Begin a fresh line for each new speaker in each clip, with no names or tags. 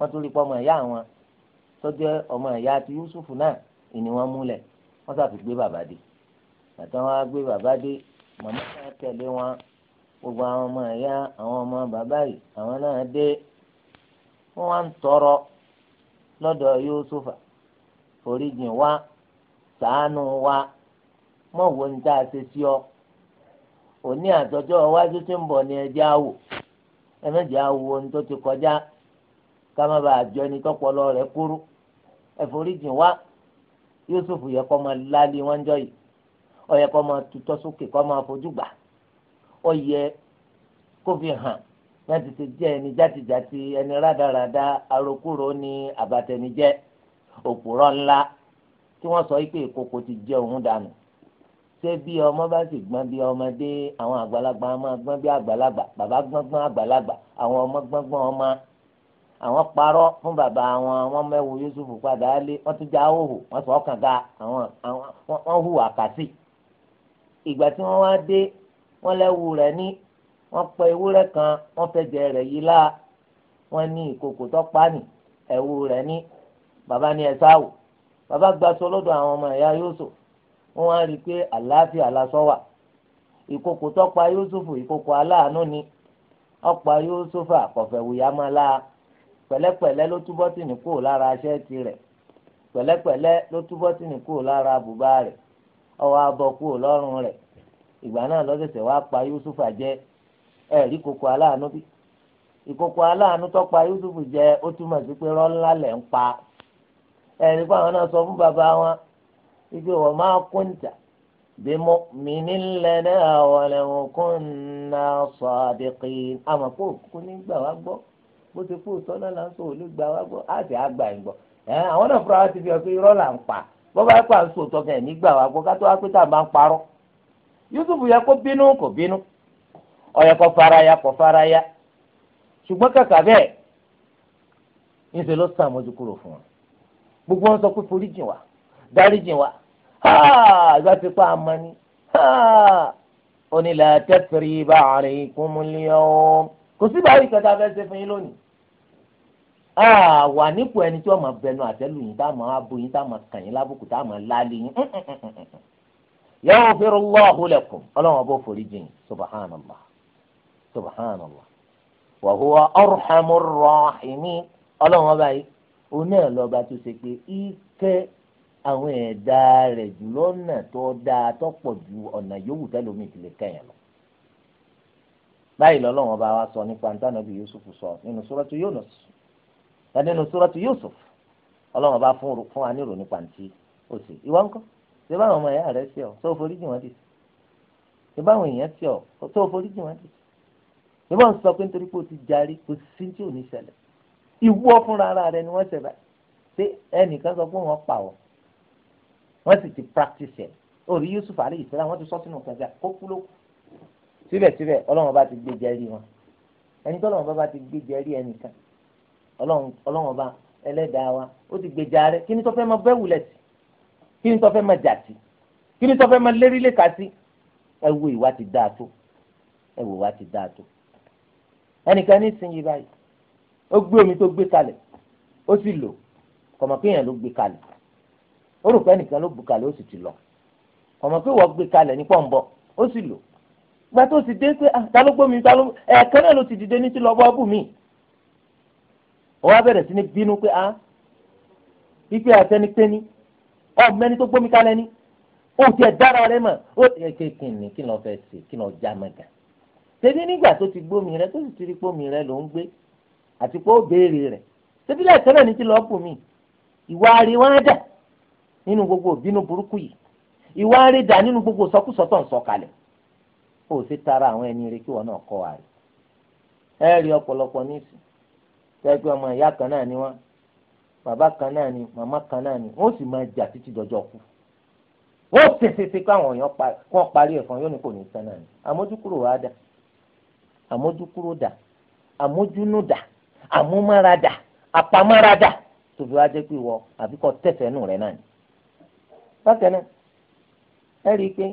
wọ́n tún rí pọ́ ọmọ ìyá àwọn tó jẹ́ ọmọ ìyá àti Yusuf náà ìní wọn múlẹ̀ wọ́n sàfi gbé bàbá dé àtàwọn wọn gbé bàbá dé màmá náà tẹ̀lé wọn gbogbo àwọn ọmọ ìyá àwọn ọmọ bàbá yìí àwọn náà dé wọ́n wá ń tọrọ lọ́dọ̀ Yusufa foríjìn wa ṣàánú wa mọ̀wó ní tá a ṣe sí ọ òní àtọjọ́ iwájú tí ń bọ̀ ní ẹjẹ́ àwò ẹ̀mẹ́jẹ́ àwò ohun tó ti kọjá. Kama má bàa jọ ẹni tọpọlọ rẹ̀ kúrú ẹforíjìn wá Yusuf yẹ kó máa lálé wọn jọ yìí ó yẹ kó máa tutọ́ sókè kó máa fojú gbà ó yẹ kó fi hàn láti ṣe jẹ́ ẹni játijàti ẹni rádaràda arokúrò ní àbàtẹnijẹ́ òpùrọ̀ ńlá tí wọ́n sọ pé ìkòkò ti jẹ òun dànù ṣé bí ọmọ bá sì gbọ́n bí ọmọdé àwọn àgbàlagbà máa gbọ́n bí àgbàlagbà bàbá gbọ́ngbọ́n àgbàlagbà àwọn ọmọ gbọ́ngbọ́n ọmọ àwọn parọ́ fún bàbá wọn wọ́n mẹ́wò Yusuf padà lé wọ́n tún já òhò wọ́n sọ ọkàn ga àwọn wọ́n hùwà kàsì ìgbà tí wọ́n wá dé wọ́n lẹ́wù rẹ̀ ní wọ́n pẹ ewúrẹ́ kan wọ́n fẹ̀jẹ̀ rẹ̀ yìí láà wọ́n ní ìkòkò tọ́pá nì ẹ̀wù rẹ̀ ní bàbá ní ẹ̀sà wò bàbá gba sọ lọ́dọ̀ àwọn ọmọ ẹ̀yà Yusuf wọ́n wá rí i pé àlàáfíà lásán wà ìkòkò tọ́pá Yusuf ìkòkò aláàánú ni ọ̀pá Yusuf àkọ́fẹ̀wòyá máa láà pẹlẹpẹlẹ ló tú bọ́tìnì kúrò lára ṣẹ́ẹ̀tì rẹ̀ pẹ̀lẹ́pẹ̀lẹ́ ló tú bọ́tìnì kúrò lára bùbá rẹ̀ ọwọ́ abọ́ kúrò ìgbà náà pa Yusuf je eri koko aláàánú bí ìkoko aláàánú tọpa Yusuf jẹ ó túmọ̀ sí pé rọ́ńlá lẹ̀ ń pa ẹ̀rí pé àwọn náà sọ fún bàbá wọn mo mi nílẹ̀ náà wọlé wọn sọ kó kú bó ti kú sọ́nà là ń sọ òní gba wá gbọ́ àti àgbà ń gbọ́ àwọn náà fúnra wa ti fi hàn pé irọ́ là ń pa bó bá pa ń sòtọ́ kẹ̀ nígbà wá gbọ́ ká tó wá pé tá a máa ń parọ́ Yusuf yẹ kó bínú kò bínú ó yẹ kó faraya kó faraya ṣùgbọ́n kàkà bẹ́ẹ̀ níṣẹ́ ló sàn mọ́jú kúrò fún wa gbogbo wọn sọ pé foríjì wa dáríjì wa ìgbà tí pa àmọ́ ni onílà tẹ́tìrì bá àrùn ikú múlẹ̀ ọ́n kò sí báyìí kẹta fẹ́ ṣe fún yín lónìí àwa nípò ẹni tí wọ́n máa bẹnu àtẹ́lù yín táwọn abo yín táwọn kàn yín lábùkù táwọn láàlì yín yaghfirullahu lakum ọlọ́run ọba òfòrí jìn subhanallah subhanallah wa huwa arhamur rahimin ọba yìí oní ẹ̀ tó ṣe pé ìkẹ́ àwọn ẹ̀dá rẹ̀ jù lọ́nà tó dáa tó pọ̀ ju ọ̀nà yòówù tẹ́lómi ti lè kẹ́yìn lọ báyìí lọ́lọ́wọ́n bá wa sọ nípa nípa Yusuf sọ nínú sọ́rọ́tù Yunus nínú sọ́rọ́tù Yusuf ọlọ́wọ́n bá fún fún wa nírò nípa ntí ó sì ìwọ ńkọ́ ṣé báwọn ọmọ ẹ̀yà rẹ sí ọ tó forí jì wọ́n dì ṣé báwọn èèyàn sí ọ tó forí jì wọ́n dì ṣé báwọn sọ pé nítorí pé o ti jarí kò sí tí ò ní ṣẹlẹ̀ ìwọ fúnra ara rẹ ni wọ́n ṣẹ̀ báyìí ṣé ẹnìkan sọ pé wọ́n pa ọ wọ́n sì ti practice ẹ̀ orí Yusuf alayhi salam wọ́n ti sọ sínú síbẹ̀síbẹ̀ ọlọ́run bá ti gbé jẹ́rí wọn ẹni tọ́lọ́run bá bá ti gbé jẹ́rí ẹnìkan ọlọ́run bá ẹlẹ́dàá wa ó ti gbé jaarẹ́ kí ni tó fẹ́ máa bẹ́ wulẹ̀ sí kí ni tó fẹ́ máa jà sí kí ni tó fẹ́ máa lérí lè kà sí ẹ wo ìwà ti dáa tó ẹ wo ìwà ti dáa tó ẹnìkan ní ìsinyìí báyìí ó gbé omi tó gbé kalẹ̀ ó sì lò kọ̀mọ̀ ló gbé kalẹ̀ ó rò pé ẹnìkan ló gbé kalẹ̀ ó sì ti lọ kọ̀mọ̀ pé gbé kalẹ̀ ní pọ̀ ń bọ̀ ó sì lò gba tó ti dé pé ah, ta ló gbómi ta ẹ̀ẹ̀kan náà ló ti dìde ní ti lọ bọ́ọ̀bù mi wọ́n á bẹ̀rẹ̀ sí ní bínú pé a ah, ipe àtẹnipẹ́ni ọ̀mẹ́ni tó gbómi kalẹ̀ ni ó ti ẹ̀ dára rẹ mọ̀ ó ké kìnnì kí lọ́ọ́ fẹ́ ṣe kí lọ́ọ́ já mọ̀gà tẹ́bí nígbà tó ti gbómi rẹ tó sì ti rí gbómi rẹ ló ń gbé àti pé ó béèrè rẹ tẹ́bí lẹ́ẹ̀kan náà ní ti lọ́ọ́ bù mí ìwà rí wọn dà nínú gbogbo ìbínú burúkú yìí ìwà rí dà nínú gbogbo sọkúsọ tó ń sọ kalẹ̀ O si tara àwọn ẹni rẹ kí wọn náà kọ́ wa rẹ ẹ rí ọ̀pọ̀lọpọ̀ nísìn tẹ́gbẹ́ ọmọ ìyá kan náà ni wọ́n bàbá kan náà ni màmá kan náà ni wọ́n sì máa jà títí dọjọ́ kú wọ́n tètè káwọn èèyàn kọ́ parí ẹ̀fọn yóò ní kò ní náà ni àmójúkúrò wa dà àmójúkúrò dà àmójúnú dà àmúmára dà dà jẹ́ pé wọ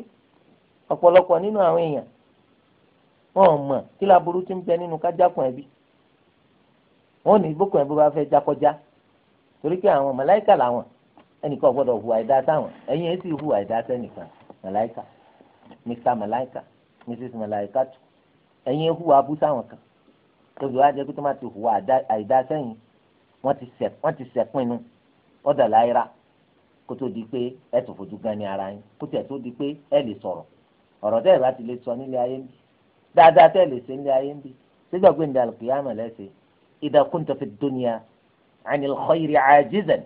ọ̀pọ̀lọpọ̀ nínú àwọn èèyàn wọn ò mọ̀ kí laburú ti ń bẹ nínú kájákùn ẹbí wọn ò ní bókun ẹbí bá fẹ́ jákọjá torí pé àwọn màláìkà làwọn ẹnìkan gbọ́dọ̀ hùwà ìdá sáwọn ẹ̀yin èsì hùwà ìdá sẹ́nìkan màláìkà mr màláìkà mrs màláìkà tù ẹ̀yin hùwà abú sáwọn kan tóbi wá jẹ́ pé tó máa ti hùwà àìdá sẹ́yìn wọ́n ti sẹ̀pinnu ọ̀dà láyra kó tó di pé ẹ̀ tó fojú gan ni ara yín kó tẹ̀ tó di pé ẹ̀ lè sọ̀rọ̀ ọ̀rọ̀ tẹ́ ẹ̀ bá ti lè sọ nílé ayé ń bì dáadáa tẹ́ ẹ̀ lè ṣe nílé ayé ń bì sígbà pé ndé alùkìyàmà lẹ́sẹ̀ idha kunta fi dunya anil khayri ajizan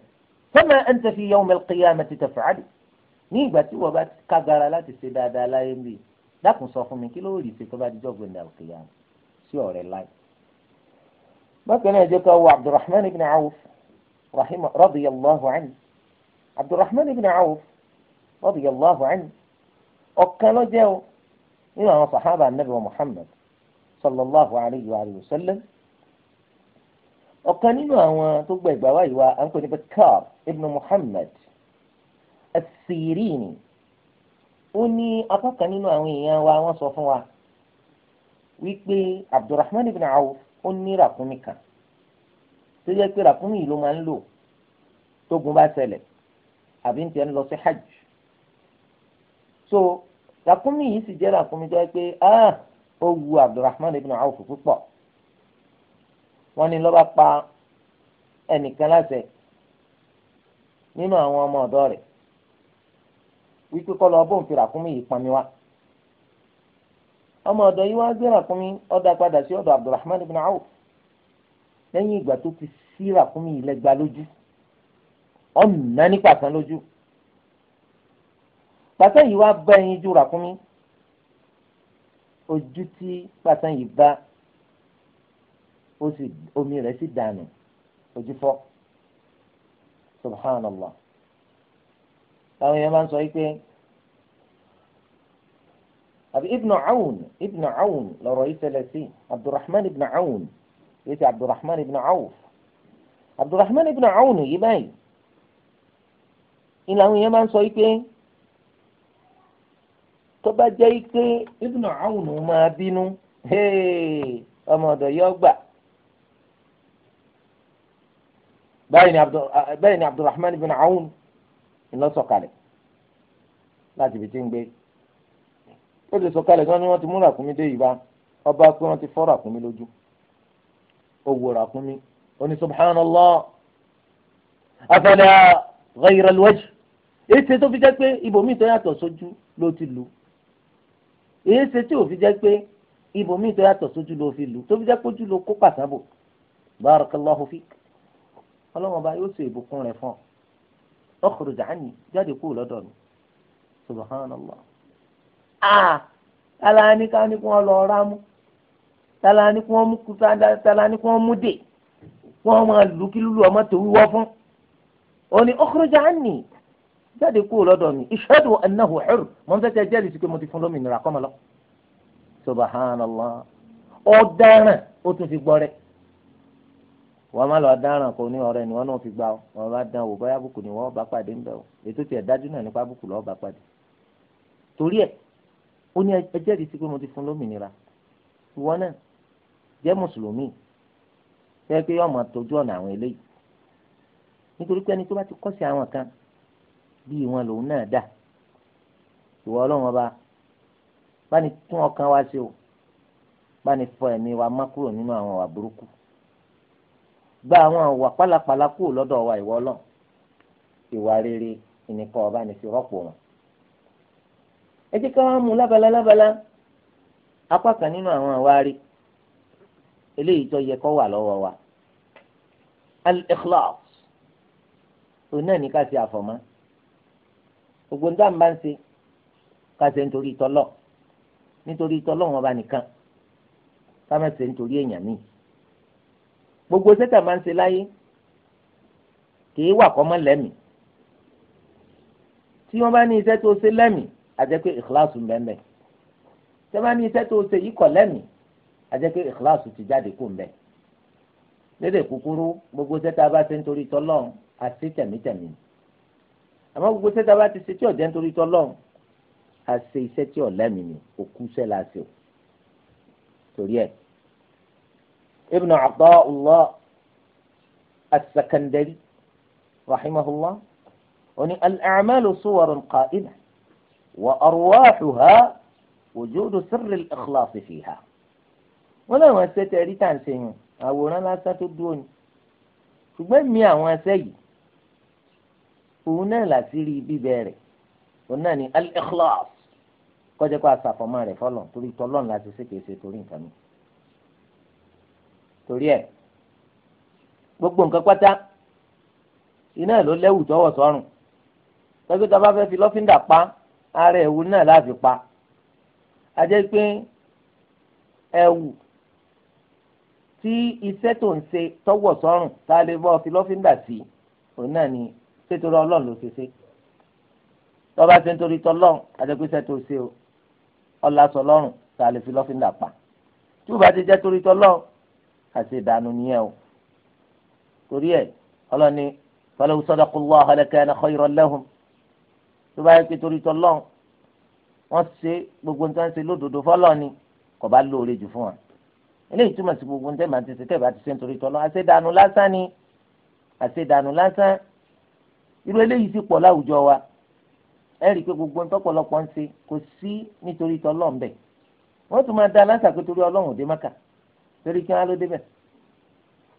fama anta fi yawm alqiyamati taf'alu ní ìgbà tí wọ́n bá kágara láti ṣe dáadáa láyé ń bì dákun sọ fún mi kí ló rí ṣe tó bá dijọ́ pé ndé alùkìyàmà sí ọ̀rẹ́ láyé. bákan náà jẹ́ ká wọ abdulrahman ibn awf rahimah radiyallahu ọ̀kan ló jẹ́ o nínú àwọn sàhábà ànábì wa Muhammad sallallahu alayhi wa sallam ọ̀kan nínú àwọn tó gba ìgbà wáyé wa à ń pè ní Bakkar ibn Muhammad as ó ní apá nínú àwọn èèyàn wa wọ́n sọ fún wa wípé Abdurrahman ibn Awf ó ní ràkúnmí kan tó yẹ pé ràkúnmí yìí ló máa ń lò tógun bá ṣẹlẹ̀ àbí ń tiẹ̀ ń lọ sí hajj so ràkúnmí yìí sì jẹ́ ràkúnmí tó yẹ pé ó wu Abdulrahman ibn Awf púpọ̀ wọ́n ní lọ́ba pa ẹnìkan láṣẹ nínú àwọn ọmọ ọ̀dọ́ rẹ̀ wípé kọ́ lọ bóun fi ràkúnmí yìí pọnmi wá ọmọ ọ̀dọ́ yìí wá gbé ràkúnmí ọ̀dà padà sí ọ̀dọ̀ Abdulrahman ibn Awf lẹ́yìn ìgbà tó ti sí ràkúnmí yìí lẹ́gba lójú ọ̀nà nípa kan lójú pàṣẹ yìí wá bá ẹyin jura fún mi ojú tí pàṣẹ yìí bá ó sì omi rẹ̀ sì dànù ojú fọ́ subhanallah táwọn èèyàn máa ń sọ yìí pé àbí ibnu awun ibnu awun lọ́rọ̀ yìí ṣẹlẹ̀ sí abdulrahman ibnu awun yìí ti abdulrahman ibnu awuf abdulrahman ibnu awun yìí báyìí ìlànà èèyàn máa ń sọ yìí pé tó bá jẹ́ ike Ibn Awn máa bínú ọmọ ọ̀dọ̀ yọ gbà. báyìí ni Abdulrahman ah, ibn Awn iná sọ̀kalẹ̀ láti ibi tí ń gbé ó ti sọ̀kalẹ̀ gan ni wọ́n ti mú ràkúnmí dé ìbá ọba pé wọ́n ti fọ́ ràkúnmí lójú ó wo ràkúnmí ó ní subhanallah afala ghayra alwajh ètò tó fi jẹ́ pé ibòmíì tó yàtọ̀ sójú ló ti lù èyí ṣe tí òfin jẹ́ pé ibòmíì tó yàtọ̀ sójú ló fi lù tó fi jẹ́ pé ojú ló kó pàṣábò barakallahu fik ọlọ́wọ́n bá yóò ṣe ìbùkún rẹ̀ fún ọ ọkùnrin jàánì jáde kúrò lọ́dọ̀ mi subhanallah ah tala ni ká ní kí wọ́n lọ ra mú tala kí wọ́n mú kúta tala ni kí wọ́n mú dè kí wọ́n máa lù kí lulu ọmọ tó wíwọ́ fún ọ ní ọkùnrin jàánì jáde kúrò lọ́dọ̀ mi ìṣẹ́dùn ẹ̀náhù ẹ̀rù mọ̀ n fẹ́kẹ́ jẹ́rìí sí pé mo ti fún lómìnira kọ́ mọ́ lọ. subhanallah ọ̀daràn ó tún fi gbọ́ rẹ̀ wọ́n má lọ dáràn kó ní ọ̀rẹ́ ni wọ́n náà fi gbà ọ́ wọ́n bá dán wò báyà bùkù ni wọ́n bá pàdé ń bẹ̀ ọ́ ètò tiẹ̀ dájú náà nípa bùkù lọ́ọ́ bá pàdé. torí ẹ̀ ó ní ẹ jẹ́rìí sí pé mo ti fún lómìnira ìwọ náà jẹ́ mùsùlùmí fẹ́ pé yọ̀ọ́ bíi wọn lòun náà dà ìwọ ọlọ́run ọba bá tún ọkàn wa ṣe o bá fọ ẹ̀mí wa má kúrò nínú àwọn àwà burúkú gba àwọn àwà pálapàla kúrò lọ́dọ̀ wa ìwọ ọlọ́run ìwà rere ìnìkan ọba ní fi rọ́pò wọn. ẹ jẹ́ ká wá mú lábala lábala apá kan nínú àwọn àwa rí eléyìí tó yẹ kó wà lọ́wọ́ wa al-ikhlas òun náà ní ká ṣe àfọ̀mọ́ gbogbo níta bá ń ṣe ká ṣe nítorí tọlọ nítorí tọlọ wọn bá nìkan ká má ṣe nítorí èèyàn míì gbogbo sẹta máa ń ṣe láyé kìí wà kọ́ mọ́ lẹ́mìí tí wọ́n bá ní iṣẹ́ tó ṣe lẹ́mìí àjẹpé ìkíláàsù mbẹ́mbẹ́ tí wọ́n bá ní iṣẹ́ tó ṣe yìí kọ́ lẹ́mìí àjẹpé ìkíláàsù ti jáde kó mbẹ́ lédè kúkúrú gbogbo sẹta bá ṣe nítorí tọlọ àti tẹ̀mítẹ̀mí àmọ́ gbogbo sẹ́ta bá ti ṣe tí ọ̀jẹ́ nítorí tọ́lọ́run a ṣe iṣẹ́ tí ọ̀lẹ́mì ni òkú iṣẹ́ la ṣe o torí ẹ̀ Ibn Ata'ullah as-Sakandari rahimahullah oní al-a'malu suwarun qa'imah wa arwahuha wujudu sirri al-ikhlas fiha wọ́n láwọn ẹsẹ̀ tẹ̀ rí tàǹsẹ̀ yẹn àwòrán lásán tó dúró ni ṣùgbọ́n mi àwọn ẹsẹ̀ yìí òun náà láti rí bíbẹ̀ rẹ̀ òun náà ni al-ikhlas kọjá kó aṣàfọ̀mọ́ rẹ̀ fọlọ̀ torí tọlọ́n láti ṣe kèéṣe torí nǹkan mi. torí ẹ̀ gbogbo nǹkan pátá iná ló lẹ́wù tọwọ́ sọ́rùn tọ́jú tá a bá fẹ́ fi lọ́fíńdà pa ara ẹ̀wù náà láti pa a pé ẹ̀wù tí iṣẹ́ tó ń ṣe tọwọ́ sọ́rùn tá a lè bọ́ fi lọ́fíńdà sí òun náà ni ṣé torí ọlọ́run ló ṣe ṣe tọ́ba ṣe ń torí tọ́lọ́run àjẹpẹ́sẹ̀ tó ṣe o ọ̀la sọ lọ́rùn tá a lè fi lọ́fíńdà pa tí o bá ti jẹ́ torí tọ́lọ́run àti ìdànù nìyẹn o torí ẹ̀ ọlọ́ni falaw sadaqullaha lakana khayran lahum tó bá yẹ pé torí tọ́lọ́run wọ́n ṣe gbogbo nǹkan ṣe lódodo fọlọ́ọ̀ni kò bá lóore jù fún wa eléyìí túmọ̀ sí gbogbo nǹkan tẹ̀ máa ti ṣe tẹ̀ bá ti ṣe nítorí tọ́lọ́ àṣedànù lásán ni àṣedànù lásán irú eléyìí sì pọ̀ láwùjọ wa ẹ rí i pé gbogbo ntọ́pọ̀lọpọ̀ ń ṣe kò sí nítorí tọ́lọ́run bẹ̀ wọ́n tún máa da aláǹsà pé torí ọlọ́run òde mẹ́ka torí kí wọ́n á ló débẹ̀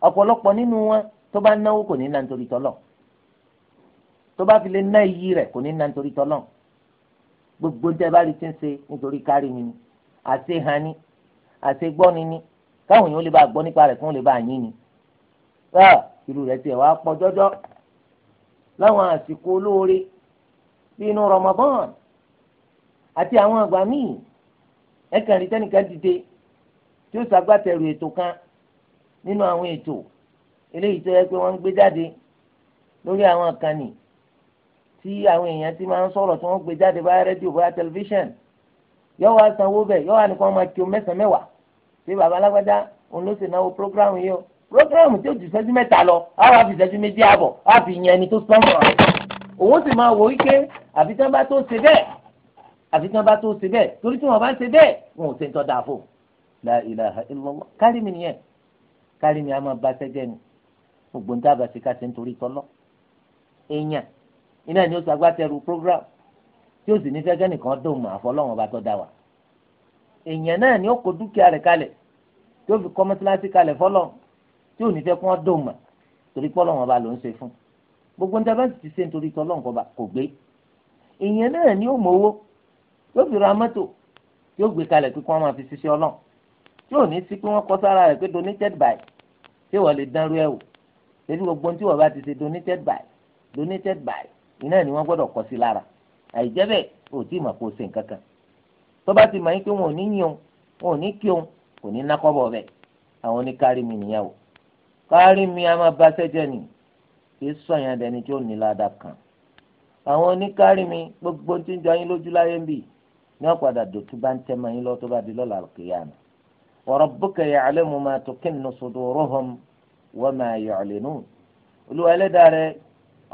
ọ̀pọ̀lọpọ̀ nínú wọn tó bá náwó kò ní ná nítorí tọ́lọ́run tó bá fi lè ná iyì rẹ̀ kò ní ná nítorí tọ́lọ́run gbogbo ń bá rí ti ń ṣe nítorí kárí mi ni àṣe han ni àṣe gbọ́ ni ni káwọn èèyàn lè bá gbọ́ nípa rẹ̀ kí wọ́n lè bá yín ni irú rẹ̀ tiẹ̀ wá pọ̀ jọjọ́ láwọn àsìkò olóore bí inú Ramadan àti àwọn àgbà míì ẹkàn rí tẹnìkan dìde tí ó ṣagbátẹrù ètò kan nínú àwọn ètò eléyìí tó yẹ pé wọ́n ń gbé jáde lórí àwọn àkànnì tí àwọn èèyàn ti máa ń sọ̀rọ̀ tí wọ́n gbé jáde bá rédíò bá tẹlifíṣàn yóò wá sanwó bẹ́ẹ̀ yóò wá nìkan máa kí o mẹ́sàn-án mẹ́wàá pé bàbá alágbádá òun ló sì náwó prógráàmù yìí o programu tí ó ju ìṣẹ́jú mẹ́ta lọ á wá fi ìṣẹ́jú méjì àbọ̀ á fi yan ẹni tó sọ́mọ̀ rẹ̀ òun sì máa wò wípé àfi tí wọ́n bá tó ṣe bẹ́ẹ̀ àfi tí wọ́n bá tó ṣe bẹ́ẹ̀ torí tí wọ́n bá ṣe bẹ́ẹ̀ wọn ò ṣe ń tọ́da fò la ilaha illallah kárí mi nìyẹn kárí mi a máa ba sẹ́jẹ́ ni gbogbo ní tábà sí ká ṣe ń torí tọ́lọ́ èèyàn iná ni ó sọ agbátẹrù program tí ó sì ní fẹ́gẹ́ nìkan ni ó kó dúkìá rẹ̀ kalẹ̀ tí ó fi tí ò ní fẹ́ kí wọ́n dùn mọ̀ torí pọ́lọ́ wọn bá ló ń ṣe fún gbogbo ń dábàá ti ṣe nítorí tọ́lọ́ nǹkan kò gbé ìyẹn náà ni ó mọ owó yóò fi ra mọ́tò yóò gbé kalẹ̀ pé kí wọ́n máa fi ṣiṣẹ́ ọlọ́run tí ò ní sí pé wọ́n kọ sára rẹ̀ pé donated by ṣé wọ́n lè dánrú ẹ̀ wò ṣébí gbogbo tí wọ́n bá ti ṣe donated by donated by iná ni wọ́n gbọ́dọ̀ kọ sí lára àìjẹ́ bẹ́ẹ̀ ò tí ì mọ̀ kó o ṣe nǹkan kan tó bá ti mọ̀ yín pé wọn ò ní yín o wọn ò ní kí o kò ní nákọ́bọ̀ bẹ́ẹ̀ àwọn oníkárí mi nìyẹn o kárí mi a máa baṣẹ́ jẹ́ ni kì í sọ yẹn dẹni tí ó ní ládàá kan àwọn oníkárí mi gbogbo tí ń jọ yín lójú láyé ń bì ní ọ̀padà dòtú bá ń tẹ́ mọ́ yín lọ tó bá di lọ́la kìyàmù wa rabbuka ya'lamu ma tukinnu suduruhum wa ma yu'linun olúwa ẹlẹ́dàá rẹ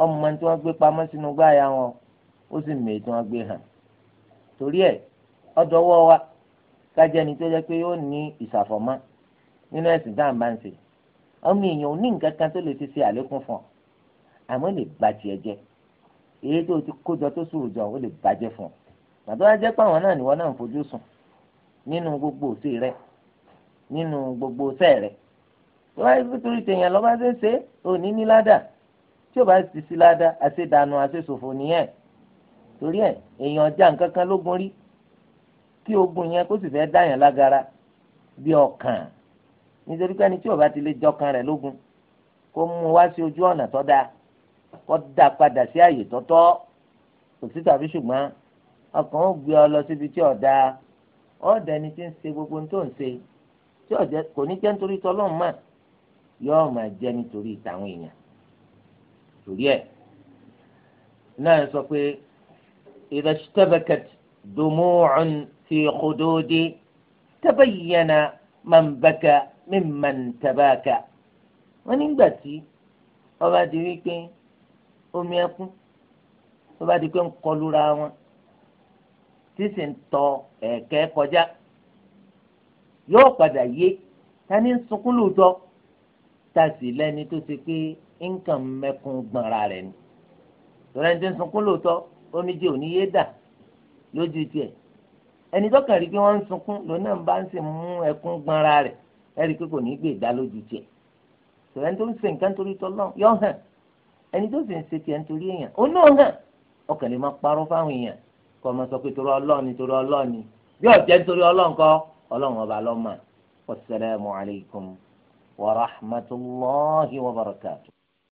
ọmọ tí wọ́n gbé pamọ́ sínú gbáàyà wọn ó sì mèé tí wọ́n gbé hàn torí ẹ̀ ọdọọwọ́ wa kájẹ́ni tó jẹ́ pé ó ní ìsàfọ̀mọ́ nínú ẹ̀sìn dáhùn bá ń ṣe ọmọ èèyàn ò ní nǹkan kan tó lè ti ṣe àlékún fún ọ àmọ́ lè bàjẹ́ jẹ́ èyí tó ti kójọ tó sùrù jọ ó lè bàjẹ́ fún ọ màtó wá jẹ́ pé àwọn náà níwọ náà ń fojú sùn nínú gbogbo òsè rẹ nínú gbogbo òsè rẹ tó wáyé nítorí tèèyàn lọ́ba ṣe ń ṣe òní ní ládàá tí ò bá ti sí ládàá àṣedànù àṣeṣòfò nìyẹn torí ẹ èèyàn já nǹkan kan lógun rí kí ogun yẹn kó sì fẹ́ dáyàn lágara bí ọkàn nítorí pé ẹni tí ó bá ti lè jọkan rẹ̀ lógun kó mú wá sí ojú ọ̀nà tó dáa kó dá padà sí àyè tọ́tọ́ kò sí tàbí ṣùgbọ́n ọkàn ó gbé ọ lọ síbi tí ọ̀dà ọ̀dà ẹni tí ń ṣe gbogbo tó ń ṣe tí ọ̀jẹ̀ kò ní jẹ́ nítorí tọ́lọ́run mà yóò máa jẹ́ nítorí tàwọn èèyàn torí ẹ̀ náà sọ pé ìrẹsítẹ́bẹ̀kẹ̀t dùmúùn fi kòdóde tabayyana man baka mimman tabaka wọ́n nígbà tí ó bá di wípé omi ẹkún ó bá di pé ń kọlura wọn tí sì ń tọ ẹ̀kẹ́ kọjá yóò padà yé tani ń sunkún lóòótọ́ tá a sì lẹ́ni tó ṣe pé nǹkan mẹ́kún gbọ̀nra rẹ̀ ni tọ́lá ẹni tó ń sunkún lóòótọ́ omijé ò ní yé dà lójú tiẹ̀ ẹni tó kàn rí pé wọ́n ń sunkún lòun bá ń sì mú ẹkún gbọ̀nra rẹ̀ ẹ̀rí pé kò ní í gbé ìdá lójú tiẹ̀ tẹ̀lé tó ń ṣe nǹkan torí tọ́lọ́ yọ hàn ẹni tó sì ń ṣe tiẹ̀ nítorí èèyàn ó náà hàn ọkàn lè máa parọ́ fáwọn èèyàn kọ́ ọmọ sọ pé torí ọlọ́ọ̀ni torí ọlọ́ọ̀ni bí ọ̀jẹ́ nítorí ọlọ́ọ̀nkọ́ ọlọ́run ọba lọ́mọ wassalamu alaykum wa rahmatullahi wa barakatuh.